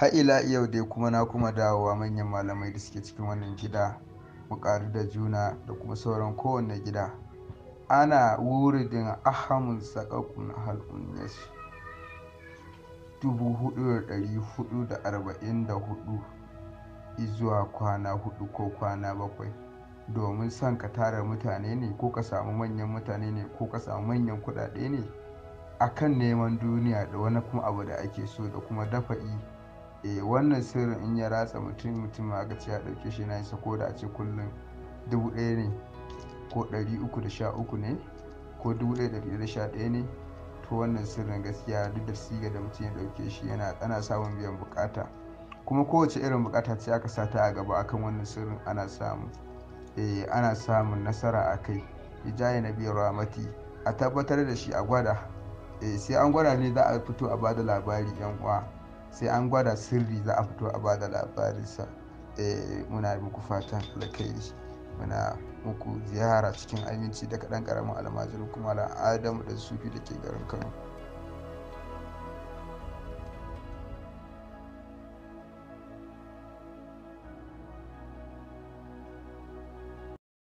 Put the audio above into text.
ha'ila ila yau dai kuma na kuma dawowa manyan malamai da suke cikin wannan gida mu da juna da kuma sauran kowane gida ana wuridin ahamun sakakun halkun yasu 4,444 izuwa kwana hudu ko kwana bakwai domin son ka tara mutane ne ko ka samu manyan mutane ne ko ka samu manyan kudade ne akan neman duniya da wani kuma abu da ake so da kuma dafa'i e wannan sirrin in ya ratsa mutum mutum aka ce ya ɗauke shi na isa ko da a ce kullum dubu ɗaya ne ko ɗari uku da sha uku ne ko dubu ɗaya ɗari da sha ɗaya ne to wannan sirrin gaskiya duk da siga da mutum ya ɗauke shi yana ana samun biyan bukata kuma kowace irin bukata ce aka sa ta a gaba akan wannan sirrin ana samu eh ana samun nasara a kai hijaye na biyar ramati a tabbatar da shi a gwada eh, sai an gwada ne za a fito a bada labari yan uwa sai an gwada sirri za a fito a bada labarinsa eh muna muku fatan alkhairi muna muku ziyara cikin aminci da ɗan ƙaramin almajirin kuma la'adamu da sufi da ke garin kano